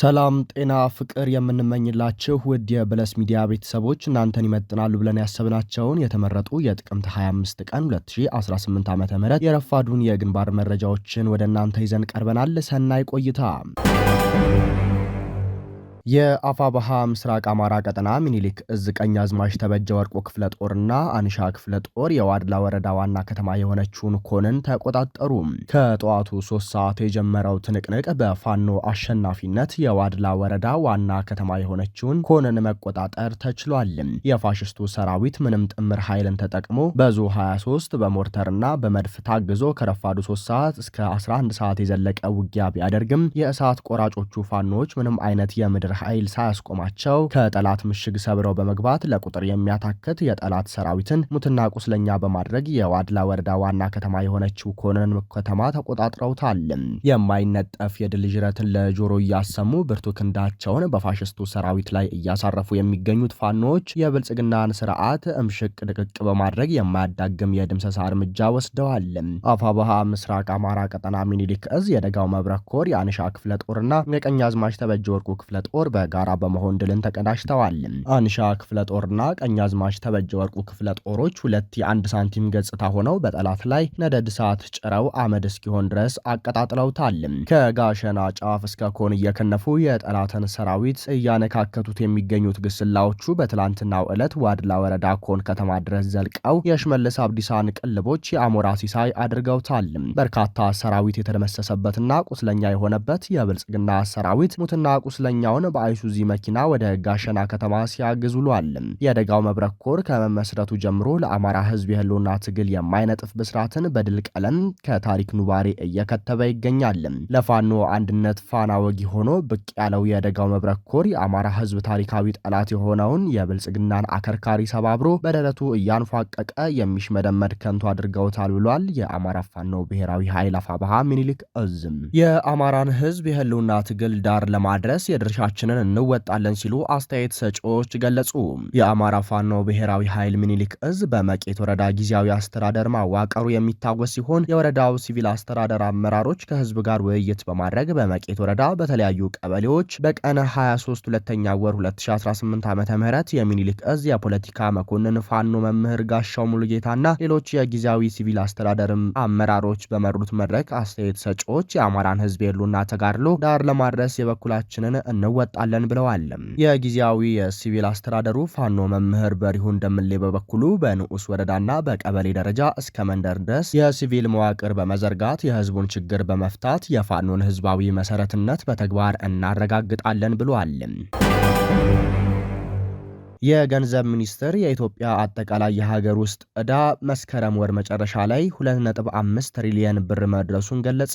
ሰላም፣ ጤና፣ ፍቅር የምንመኝላችሁ ውድ የብለስ ሚዲያ ቤተሰቦች እናንተን ይመጥናሉ ብለን ያሰብናቸውን የተመረጡ የጥቅምት 25 ቀን 2018 ዓ ም የረፋዱን የግንባር መረጃዎችን ወደ እናንተ ይዘን ቀርበናል። ሰናይ ቆይታ የአፋባሃ ምስራቅ አማራ ቀጠና ሚኒሊክ እዝ ቀኝ አዝማሽ ተበጀ ወርቆ ክፍለ ጦርና አንሻ ክፍለ ጦር የዋድላ ወረዳ ዋና ከተማ የሆነችውን ኮንን ተቆጣጠሩ። ከጠዋቱ ሶስት ሰዓት የጀመረው ትንቅንቅ በፋኖ አሸናፊነት የዋድላ ወረዳ ዋና ከተማ የሆነችውን ኮንን መቆጣጠር ተችሏል። የፋሽስቱ ሰራዊት ምንም ጥምር ኃይልን ተጠቅሞ በዙ 23 በሞርተርና በመድፍ ታግዞ ከረፋዱ ሶስት ሰዓት እስከ 11 ሰዓት የዘለቀ ውጊያ ቢያደርግም የእሳት ቆራጮቹ ፋኖዎች ምንም አይነት የምድር ኃይል ሳያስቆማቸው ከጠላት ምሽግ ሰብረው በመግባት ለቁጥር የሚያታክት የጠላት ሰራዊትን ሙትና ቁስለኛ በማድረግ የዋድላ ወረዳ ዋና ከተማ የሆነችው ኮነን ከተማ ተቆጣጥረውታል። የማይነጠፍ የድል ጅረትን ለጆሮ እያሰሙ ብርቱ ክንዳቸውን በፋሽስቱ ሰራዊት ላይ እያሳረፉ የሚገኙት ፋኖዎች የብልጽግናን ስርዓት እምሽቅ ድቅቅ በማድረግ የማያዳግም የድምሰሳ እርምጃ ወስደዋል። አፋበሃ ምስራቅ አማራ ቀጠና ሚኒሊክ እዝ የደጋው መብረክ ኮር የአንሻ ክፍለ ጦርና የቀኝ አዝማች ተበጀ ወርቁ ክፍለ ጦር ጦር በጋራ በመሆን ድልን ተቀዳጅተዋል። አንሻ ክፍለ ጦርና ቀኛዝማች ተበጀ ወርቁ ክፍለ ጦሮች ሁለት የአንድ ሳንቲም ገጽታ ሆነው በጠላት ላይ ነደድ እሳት ጭረው አመድ እስኪሆን ድረስ አቀጣጥለውታል። ከጋሸና ጫፍ እስከ ኮን እየከነፉ የጠላትን ሰራዊት እያነካከቱት የሚገኙት ግስላዎቹ በትላንትናው ዕለት ዋድላ ወረዳ ኮን ከተማ ድረስ ዘልቀው የሽመልስ አብዲሳን ቅልቦች የአሞራ ሲሳይ አድርገውታል። በርካታ ሰራዊት የተደመሰሰበትና ቁስለኛ የሆነበት የብልጽግና ሰራዊት ሙትና ቁስለኛውን በአይሱዚ መኪና ወደ ጋሸና ከተማ ሲያግዝ ውሏል። የአደጋው መብረቅ ኮር ከመመስረቱ ጀምሮ ለአማራ ህዝብ የህልውና ትግል የማይነጥፍ ብስራትን በድል ቀለም ከታሪክ ኑባሬ እየከተበ ይገኛል። ለፋኖ አንድነት ፋና ወጊ ሆኖ ብቅ ያለው የአደጋው መብረቅ ኮር የአማራ ህዝብ ታሪካዊ ጠላት የሆነውን የብልጽግናን አከርካሪ ሰባብሮ በደረቱ እያንፏቀቀ የሚሽመደመድ ከንቱ አድርገውታል ብሏል። የአማራ ፋኖ ብሔራዊ ኃይል አፋባሃ ሚኒሊክ እዝም የአማራን ህዝብ የህልውና ትግል ዳር ለማድረስ የድርሻችን ኃላፊነታችንን እንወጣለን ሲሉ አስተያየት ሰጪዎች ገለጹ። የአማራ ፋኖ ብሔራዊ ኃይል ምኒልክ እዝ በመቄት ወረዳ ጊዜያዊ አስተዳደር ማዋቀሩ የሚታወስ ሲሆን የወረዳው ሲቪል አስተዳደር አመራሮች ከህዝብ ጋር ውይይት በማድረግ በመቄት ወረዳ በተለያዩ ቀበሌዎች በቀነ 23 ሁለተኛ ወር 2018 ዓ ም የሚኒሊክ እዝ የፖለቲካ መኮንን ፋኖ መምህር ጋሻው ሙሉጌታና ሌሎች የጊዜያዊ ሲቪል አስተዳደርም አመራሮች በመሩት መድረክ አስተያየት ሰጪዎች የአማራን ህዝብ የሉና ተጋድሎ ዳር ለማድረስ የበኩላችንን እንወጣ እናወጣለን ብለዋል። የጊዜያዊ የሲቪል አስተዳደሩ ፋኖ መምህር በሪሁ እንደምሌ በበኩሉ በንዑስ ወረዳና በቀበሌ ደረጃ እስከ መንደር ድረስ የሲቪል መዋቅር በመዘርጋት የህዝቡን ችግር በመፍታት የፋኖን ህዝባዊ መሰረትነት በተግባር እናረጋግጣለን ብለዋል። የገንዘብ ሚኒስትር የኢትዮጵያ አጠቃላይ የሀገር ውስጥ ዕዳ መስከረም ወር መጨረሻ ላይ 2.5 ትሪሊየን ብር መድረሱን ገለጸ።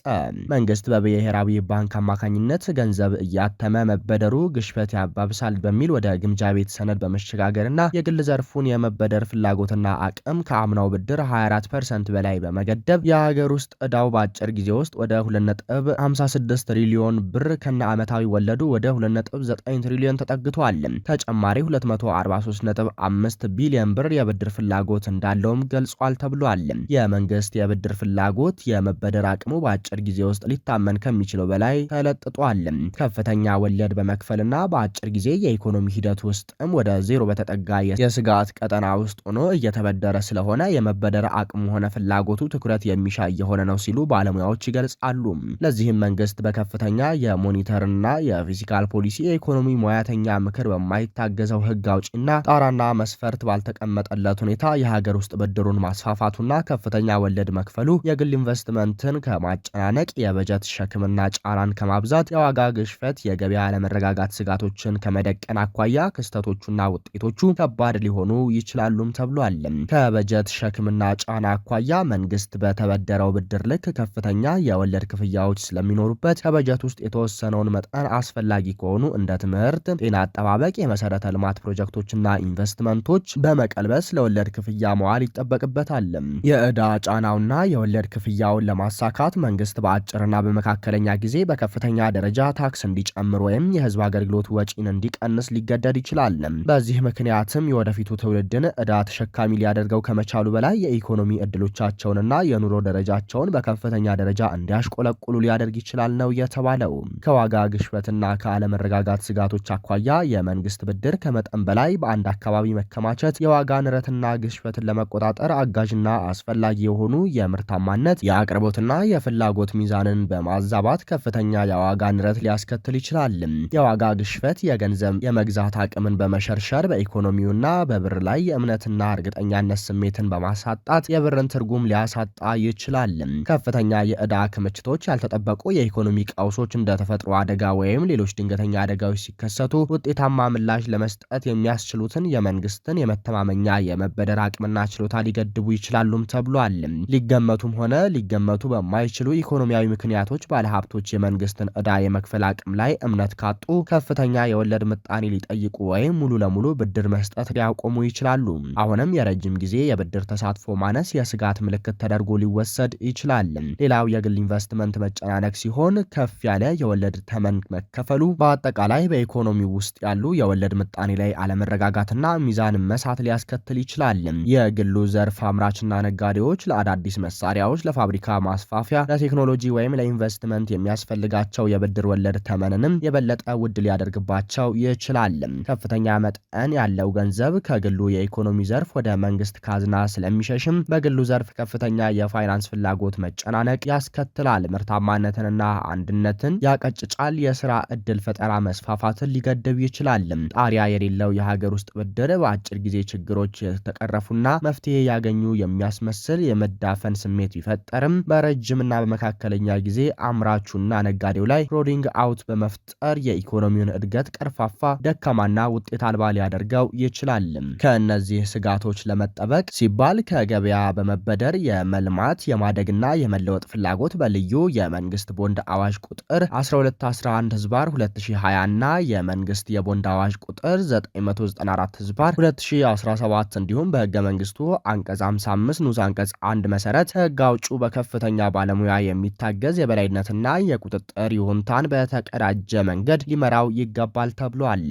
መንግስት በብሔራዊ ባንክ አማካኝነት ገንዘብ እያተመ መበደሩ ግሽበት ያባብሳል በሚል ወደ ግምጃ ቤት ሰነድ በመሸጋገርና የግል ዘርፉን የመበደር ፍላጎትና አቅም ከአምናው ብድር 24 ፐርሰንት በላይ በመገደብ የሀገር ውስጥ ዕዳው በአጭር ጊዜ ውስጥ ወደ 2.56 ትሪሊዮን ብር ከነ ዓመታዊ ወለዱ ወደ 2.9 ትሪሊዮን ተጠግቷል። ተጨማሪ 2 43.5 ቢሊዮን ብር የብድር ፍላጎት እንዳለውም ገልጿል ተብሏል። የመንግስት የብድር ፍላጎት የመበደር አቅሙ በአጭር ጊዜ ውስጥ ሊታመን ከሚችለው በላይ ተለጥጧል። ከፍተኛ ወለድ በመክፈልና በአጭር ጊዜ የኢኮኖሚ ሂደት ውስጥም ወደ ዜሮ በተጠጋ የስጋት ቀጠና ውስጥ ሆኖ እየተበደረ ስለሆነ የመበደር አቅሙ ሆነ ፍላጎቱ ትኩረት የሚሻ እየሆነ ነው ሲሉ ባለሙያዎች ይገልጻሉ። ለዚህም መንግስት በከፍተኛ የሞኒተርና የፊዚካል ፖሊሲ የኢኮኖሚ ሙያተኛ ምክር በማይታገዘው ህጋዊ አውጪና ጣራና መስፈርት ባልተቀመጠለት ሁኔታ የሀገር ውስጥ ብድሩን ማስፋፋቱና ከፍተኛ ወለድ መክፈሉ የግል ኢንቨስትመንትን ከማጨናነቅ የበጀት ሸክምና ጫናን ከማብዛት የዋጋ ግሽፈት፣ የገበያ አለመረጋጋት ስጋቶችን ከመደቀን አኳያ ክስተቶቹና ውጤቶቹ ከባድ ሊሆኑ ይችላሉም ተብሏል። ከበጀት ሸክምና ጫና አኳያ መንግስት በተበደረው ብድር ልክ ከፍተኛ የወለድ ክፍያዎች ስለሚኖሩበት ከበጀት ውስጥ የተወሰነውን መጠን አስፈላጊ ከሆኑ እንደ ትምህርት፣ ጤና አጠባበቅ፣ የመሰረተ ልማት ፕሮጀክት ፕሮጀክቶችና ኢንቨስትመንቶች በመቀልበስ ለወለድ ክፍያ መዋል ይጠበቅበታል። የዕዳ ጫናውና የወለድ ክፍያውን ለማሳካት መንግስት በአጭርና በመካከለኛ ጊዜ በከፍተኛ ደረጃ ታክስ እንዲጨምር ወይም የህዝብ አገልግሎት ወጪን እንዲቀንስ ሊገደድ ይችላል። በዚህ ምክንያትም የወደፊቱ ትውልድን ዕዳ ተሸካሚ ሊያደርገው ከመቻሉ በላይ የኢኮኖሚ እድሎቻቸውንና የኑሮ ደረጃቸውን በከፍተኛ ደረጃ እንዲያሽቆለቁሉ ሊያደርግ ይችላል ነው የተባለው። ከዋጋ ግሽበትና ከአለመረጋጋት ስጋቶች አኳያ የመንግስት ብድር ከመጠን በላይ በላይ በአንድ አካባቢ መከማቸት የዋጋ ንረትና ግሽበትን ለመቆጣጠር አጋዥና አስፈላጊ የሆኑ የምርታማነት የአቅርቦትና የፍላጎት ሚዛንን በማዛባት ከፍተኛ የዋጋ ንረት ሊያስከትል ይችላል። የዋጋ ግሽበት የገንዘብ የመግዛት አቅምን በመሸርሸር በኢኮኖሚውና በብር ላይ የእምነትና እርግጠኛነት ስሜትን በማሳጣት የብርን ትርጉም ሊያሳጣ ይችላል። ከፍተኛ የዕዳ ክምችቶች፣ ያልተጠበቁ የኢኮኖሚ ቀውሶች እንደ ተፈጥሮ አደጋ ወይም ሌሎች ድንገተኛ አደጋዎች ሲከሰቱ ውጤታማ ምላሽ ለመስጠት የሚያ የሚያስችሉትን የመንግስትን የመተማመኛ የመበደር አቅምና ችሎታ ሊገድቡ ይችላሉም ተብሏል። ሊገመቱም ሆነ ሊገመቱ በማይችሉ ኢኮኖሚያዊ ምክንያቶች ባለሀብቶች የመንግስትን እዳ የመክፈል አቅም ላይ እምነት ካጡ ከፍተኛ የወለድ ምጣኔ ሊጠይቁ ወይም ሙሉ ለሙሉ ብድር መስጠት ሊያቆሙ ይችላሉ። አሁንም የረጅም ጊዜ የብድር ተሳትፎ ማነስ የስጋት ምልክት ተደርጎ ሊወሰድ ይችላል። ሌላው የግል ኢንቨስትመንት መጨናነቅ ሲሆን ከፍ ያለ የወለድ ተመን መከፈሉ በአጠቃላይ በኢኮኖሚ ውስጥ ያሉ የወለድ ምጣኔ ላይ አለመ አለመረጋጋትና ሚዛን መሳት ሊያስከትል ይችላል። የግሉ ዘርፍ አምራችና ነጋዴዎች ለአዳዲስ መሳሪያዎች፣ ለፋብሪካ ማስፋፊያ፣ ለቴክኖሎጂ ወይም ለኢንቨስትመንት የሚያስፈልጋቸው የብድር ወለድ ተመንንም የበለጠ ውድ ሊያደርግባቸው ይችላል። ከፍተኛ መጠን ያለው ገንዘብ ከግሉ የኢኮኖሚ ዘርፍ ወደ መንግስት ካዝና ስለሚሸሽም በግሉ ዘርፍ ከፍተኛ የፋይናንስ ፍላጎት መጨናነቅ ያስከትላል። ምርታማነትንና አንድነትን ያቀጭጫል። የስራ እድል ፈጠራ መስፋፋትን ሊገድብ ይችላል። ጣሪያ የሌለው የ ሀገር ውስጥ ብድር በአጭር ጊዜ ችግሮች የተቀረፉና መፍትሄ ያገኙ የሚያስመስል የመዳፈን ስሜት ቢፈጠርም በረጅምና በመካከለኛ ጊዜ አምራቹና ነጋዴው ላይ ሮሊንግ አውት በመፍጠር የኢኮኖሚውን እድገት ቀርፋፋ፣ ደካማና ውጤት አልባ ሊያደርገው ይችላል። ከእነዚህ ስጋቶች ለመጠበቅ ሲባል ከገበያ በመበደር የመልማት የማደግና የመለወጥ ፍላጎት በልዩ የመንግስት ቦንድ አዋጅ ቁጥር 1211 ህዝባር 2020 እና የመንግስት የቦንድ አዋጅ ቁጥር 9 194 ህዝባር 2017 እንዲሁም በህገ መንግስቱ አንቀጽ 55 ንዑስ አንቀጽ 1 መሰረት ህግ አውጩ በከፍተኛ ባለሙያ የሚታገዝ የበላይነትና የቁጥጥር ይሁንታን በተቀዳጀ መንገድ ሊመራው ይገባል ተብሏል።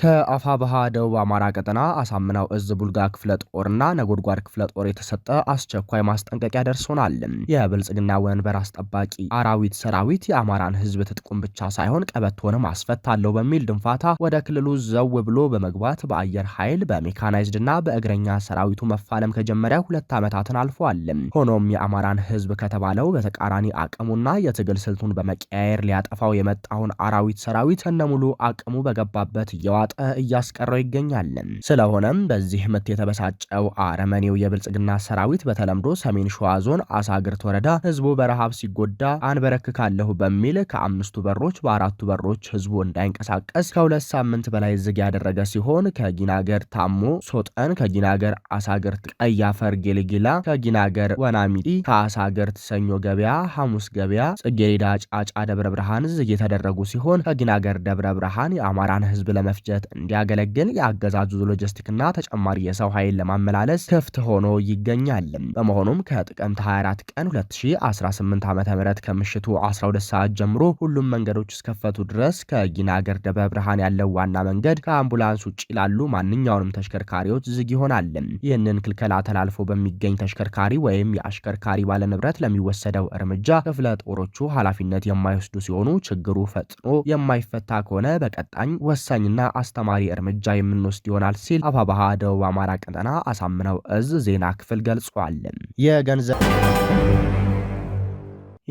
ከአፋብሃ ደቡብ አማራ ቀጠና አሳምናው እዝ ቡልጋ ክፍለ ጦርና ነጎድጓድ ክፍለ ጦር የተሰጠ አስቸኳይ ማስጠንቀቂያ ደርሶናል። የብልጽግና ወንበር አስጠባቂ አራዊት ሰራዊት የአማራን ህዝብ ትጥቁም ብቻ ሳይሆን ቀበቶንም አስፈታለሁ በሚል ድንፋታ ወደ ክልሉ ዘው ብሎ በመግባት በአየር ኃይል በሜካናይዝድና በእግረኛ ሰራዊቱ መፋለም ከጀመረ ሁለት ዓመታትን አልፏል። ሆኖም የአማራን ህዝብ ከተባለው በተቃራኒ አቅሙና የትግል ስልቱን በመቀያየር ሊያጠፋው የመጣውን አራዊት ሰራዊት እነሙሉ አቅሙ በገባበት እየዋ እየተዋጠ እያስቀረው ይገኛል። ስለሆነም በዚህ ምት የተበሳጨው አረመኔው የብልጽግና ሰራዊት በተለምዶ ሰሜን ሸዋ ዞን አሳግርት ወረዳ ህዝቡ በረሃብ ሲጎዳ አንበረክካለሁ በሚል ከአምስቱ በሮች በአራቱ በሮች ህዝቡ እንዳይንቀሳቀስ ከሁለት ሳምንት በላይ ዝግ ያደረገ ሲሆን ከጊናገር ታሞ ሶጠን፣ ከጊናገር አሳግርት ቀያፈር ጌልጊላ፣ ከጊናገር ወናሚጢ፣ ከአሳግርት ሰኞ ገበያ፣ ሐሙስ ገበያ፣ ጽጌሬዳ፣ ጫጫ፣ ደብረ ብርሃን ዝግ የተደረጉ ሲሆን ከጊናገር ደብረ ብርሃን የአማራን ህዝብ ለመፍጀት በቋሚነት እንዲያገለግል የአገዛዙ ሎጂስቲክና ተጨማሪ የሰው ኃይል ለማመላለስ ክፍት ሆኖ ይገኛል። በመሆኑም ከጥቅምት 24 ቀን 2018 ዓ ም ከምሽቱ 12 ሰዓት ጀምሮ ሁሉም መንገዶች እስከፈቱ ድረስ ከጊና ገርደ ብርሃን ያለው ዋና መንገድ ከአምቡላንስ ውጭ ላሉ ማንኛውንም ተሽከርካሪዎች ዝግ ይሆናል። ይህንን ክልከላ ተላልፎ በሚገኝ ተሽከርካሪ ወይም የአሽከርካሪ ባለንብረት ለሚወሰደው እርምጃ ክፍለ ጦሮቹ ኃላፊነት የማይወስዱ ሲሆኑ ችግሩ ፈጥኖ የማይፈታ ከሆነ በቀጣኝ ወሳኝና አስ አስተማሪ እርምጃ የምንወስድ ይሆናል ሲል አፋባሃ ደቡብ አማራ ቀጠና አሳምነው እዝ ዜና ክፍል ገልጿል። የገንዘብ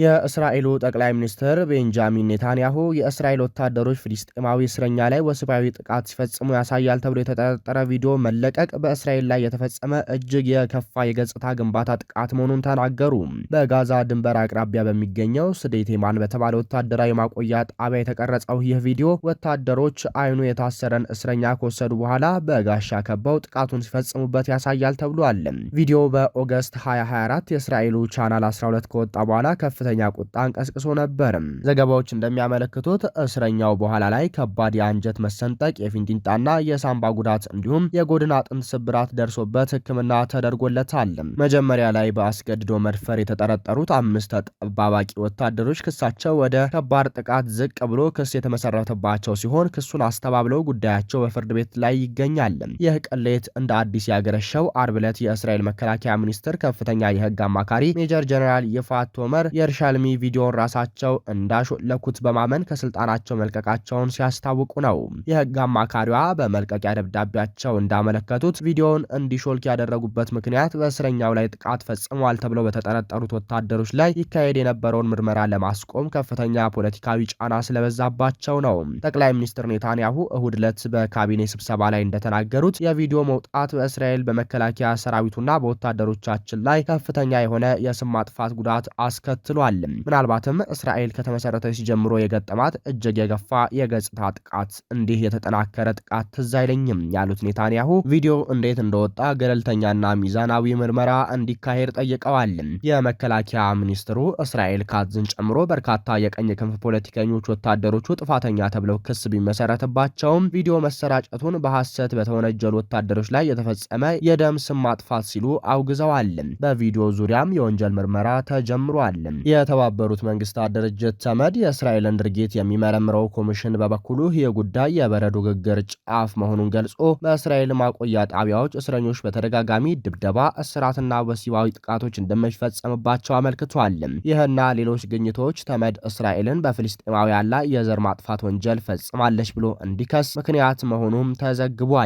የእስራኤሉ ጠቅላይ ሚኒስትር ቤንጃሚን ኔታንያሁ የእስራኤል ወታደሮች ፍልስጤማዊ እስረኛ ላይ ወሲባዊ ጥቃት ሲፈጽሙ ያሳያል ተብሎ የተጠረጠረ ቪዲዮ መለቀቅ በእስራኤል ላይ የተፈጸመ እጅግ የከፋ የገጽታ ግንባታ ጥቃት መሆኑን ተናገሩ። በጋዛ ድንበር አቅራቢያ በሚገኘው ስዴቴማን በተባለ ወታደራዊ ማቆያ ጣቢያ የተቀረጸው ይህ ቪዲዮ ወታደሮች አይኑ የታሰረን እስረኛ ከወሰዱ በኋላ በጋሻ ከበው ጥቃቱን ሲፈጽሙበት ያሳያል ተብሏል። ቪዲዮ በኦገስት 2024 የእስራኤሉ ቻናል 12 ከወጣ በኋላ ከፍ ከፍተኛ ቁጣ አንቀስቅሶ ነበር። ዘገባዎች እንደሚያመለክቱት እስረኛው በኋላ ላይ ከባድ የአንጀት መሰንጠቅ፣ የፊንጢንጣና የሳምባ ጉዳት እንዲሁም የጎድን አጥንት ስብራት ደርሶበት ሕክምና ተደርጎለታል። መጀመሪያ ላይ በአስገድዶ መድፈር የተጠረጠሩት አምስት ተጠባባቂ ወታደሮች ክሳቸው ወደ ከባድ ጥቃት ዝቅ ብሎ ክስ የተመሰረተባቸው ሲሆን ክሱን አስተባብለው ጉዳያቸው በፍርድ ቤት ላይ ይገኛል። ይህ ቅሌት እንደ አዲስ ያገረሸው አርብ ዕለት የእስራኤል መከላከያ ሚኒስትር ከፍተኛ የህግ አማካሪ ሜጀር ጀነራል ይፋት ቶመር አህመድ ሻልሚ ቪዲዮን ራሳቸው እንዳሾለኩት በማመን ከስልጣናቸው መልቀቃቸውን ሲያስታውቁ ነው። የህግ አማካሪዋ በመልቀቂያ ደብዳቤያቸው እንዳመለከቱት ቪዲዮውን እንዲሾልክ ያደረጉበት ምክንያት በእስረኛው ላይ ጥቃት ፈጽሟል ተብለው በተጠረጠሩት ወታደሮች ላይ ይካሄድ የነበረውን ምርመራ ለማስቆም ከፍተኛ ፖለቲካዊ ጫና ስለበዛባቸው ነው። ጠቅላይ ሚኒስትር ኔታንያሁ እሁድ ዕለት በካቢኔ ስብሰባ ላይ እንደተናገሩት የቪዲዮ መውጣት በእስራኤል በመከላከያ ሰራዊቱና በወታደሮቻችን ላይ ከፍተኛ የሆነ የስም ማጥፋት ጉዳት አስከትሎ ተብሏል። ምናልባትም እስራኤል ከተመሰረተች ጀምሮ የገጠማት እጅግ የገፋ የገጽታ ጥቃት እንዲህ የተጠናከረ ጥቃት ትዝ አይለኝም ያሉት ኔታንያሁ ቪዲዮ እንዴት እንደወጣ ገለልተኛና ሚዛናዊ ምርመራ እንዲካሄድ ጠይቀዋል። የመከላከያ ሚኒስትሩ እስራኤል ካትዝን ጨምሮ በርካታ የቀኝ ክንፍ ፖለቲከኞች ወታደሮቹ ጥፋተኛ ተብለው ክስ ቢመሰረትባቸውም ቪዲዮ መሰራጨቱን በሐሰት በተወነጀሉ ወታደሮች ላይ የተፈጸመ የደም ስም ማጥፋት ሲሉ አውግዘዋል። በቪዲዮ ዙሪያም የወንጀል ምርመራ ተጀምሯል። የተባበሩት መንግስታት ድርጅት ተመድ የእስራኤልን ድርጊት የሚመረምረው ኮሚሽን በበኩሉ የጉዳይ ጉዳይ የበረዶ ግግር ጫፍ መሆኑን ገልጾ በእስራኤል ማቆያ ጣቢያዎች እስረኞች በተደጋጋሚ ድብደባ፣ እስራትና ወሲባዊ ጥቃቶች እንደሚፈጸምባቸው አመልክቷል። ይህና ሌሎች ግኝቶች ተመድ እስራኤልን በፍልስጤማውያን ላይ የዘር ማጥፋት ወንጀል ፈጽማለች ብሎ እንዲከስ ምክንያት መሆኑም ተዘግቧል።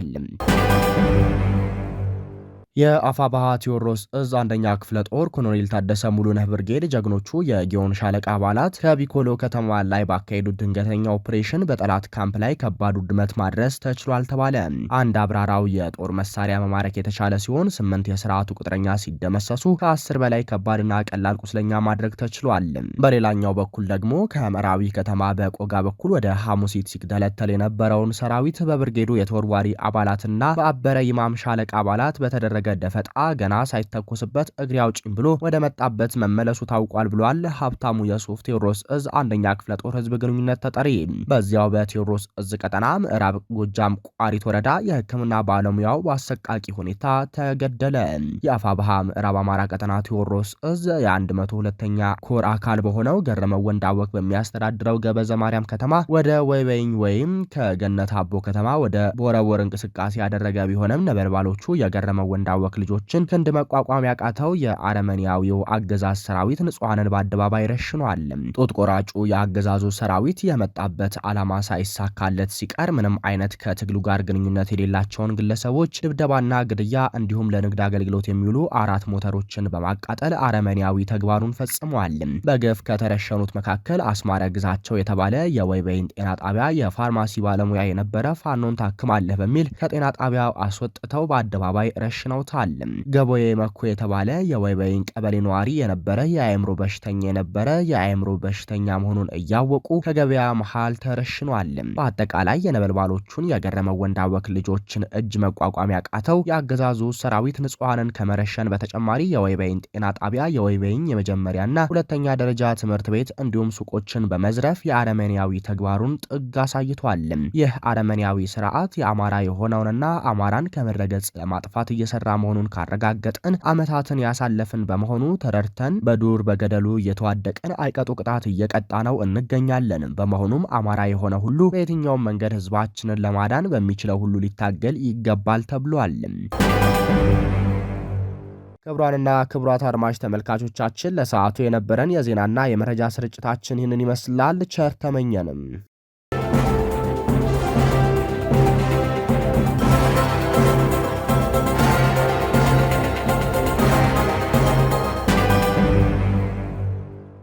የአፋባሃ ቴዎድሮስ እዝ አንደኛ ክፍለ ጦር ኮሎኔል ታደሰ ሙሉነህ ብርጌድ ጀግኖቹ የጊዮን ሻለቃ አባላት ከቢኮሎ ከተማ ላይ ባካሄዱት ድንገተኛ ኦፕሬሽን በጠላት ካምፕ ላይ ከባድ ውድመት ማድረስ ተችሏል ተባለ። አንድ አብራራው የጦር መሳሪያ መማረክ የተቻለ ሲሆን ስምንት የስርዓቱ ቁጥረኛ ሲደመሰሱ ከአስር በላይ ከባድና ቀላል ቁስለኛ ማድረግ ተችሏል። በሌላኛው በኩል ደግሞ ከምዕራዊ ከተማ በቆጋ በኩል ወደ ሐሙሲት ሲግደለተል የነበረውን ሰራዊት በብርጌዱ የተወርዋሪ አባላትና በአበረ ይማም ሻለቃ አባላት በተደረገ የተደረገ ደፈጣ ገና ሳይተኮስበት እግሬ አውጪኝ ብሎ ወደ መጣበት መመለሱ ታውቋል ብሏል። ሀብታሙ የሱፍ ቴዎድሮስ እዝ አንደኛ ክፍለ ጦር ህዝብ ግንኙነት ተጠሪ። በዚያው በቴዎድሮስ እዝ ቀጠና ምዕራብ ጎጃም ቋሪት ወረዳ የህክምና ባለሙያው በአሰቃቂ ሁኔታ ተገደለ። የአፋ ባሃ ምዕራብ አማራ ቀጠና ቴዎድሮስ እዝ የ102ኛ ኮር አካል በሆነው ገረመው ወንዳወቅ በሚያስተዳድረው ገበዘ ማርያም ከተማ ወደ ወይበይኝ ወይም ከገነት አቦ ከተማ ወደ ቦረቦር እንቅስቃሴ ያደረገ ቢሆንም ነበልባሎቹ የገረመው ወንዳ የሚታወቅ ልጆችን ክንድ መቋቋም ያቃተው የአረመኒያዊው አገዛዝ ሰራዊት ንጹሐንን በአደባባይ ረሽኗል። ጡት ቆራጩ የአገዛዙ ሰራዊት የመጣበት ዓላማ ሳይሳካለት ሲቀር ምንም አይነት ከትግሉ ጋር ግንኙነት የሌላቸውን ግለሰቦች ድብደባና ግድያ እንዲሁም ለንግድ አገልግሎት የሚውሉ አራት ሞተሮችን በማቃጠል አረመኒያዊ ተግባሩን ፈጽሟል። በግፍ ከተረሸኑት መካከል አስማረ ግዛቸው የተባለ የወይበይን ጤና ጣቢያ የፋርማሲ ባለሙያ የነበረ ፋኖን ታክማለህ በሚል ከጤና ጣቢያው አስወጥተው በአደባባይ ረሽነው ችሎታል። ገቦዬ መኩ የተባለ የወይበይን ቀበሌ ነዋሪ የነበረ የአእምሮ በሽተኛ የነበረ የአእምሮ በሽተኛ መሆኑን እያወቁ ከገበያ መሃል ተረሽኗል። በአጠቃላይ የነበልባሎቹን የገረመው ወንዳወክ ልጆችን እጅ መቋቋም ያቃተው የአገዛዙ ሰራዊት ንጹሐንን ከመረሸን በተጨማሪ የወይበይን ጤና ጣቢያ፣ የወይበይን የመጀመሪያና ሁለተኛ ደረጃ ትምህርት ቤት እንዲሁም ሱቆችን በመዝረፍ የአረመኔያዊ ተግባሩን ጥግ አሳይቷል። ይህ አረመኔያዊ ስርዓት የአማራ የሆነውንና አማራን ከምድረገጽ ለማጥፋት እየሰራ መሆኑን ካረጋገጥን አመታትን ያሳለፍን በመሆኑ ተረድተን በዱር በገደሉ እየተዋደቀን አይቀጡ ቅጣት እየቀጣ ነው እንገኛለን። በመሆኑም አማራ የሆነ ሁሉ በየትኛውም መንገድ ህዝባችንን ለማዳን በሚችለው ሁሉ ሊታገል ይገባል ተብሏል። ክቡራንና ክቡራት አድማጭ ተመልካቾቻችን ለሰዓቱ የነበረን የዜናና የመረጃ ስርጭታችን ይህንን ይመስላል። ቸር ተመኘንም።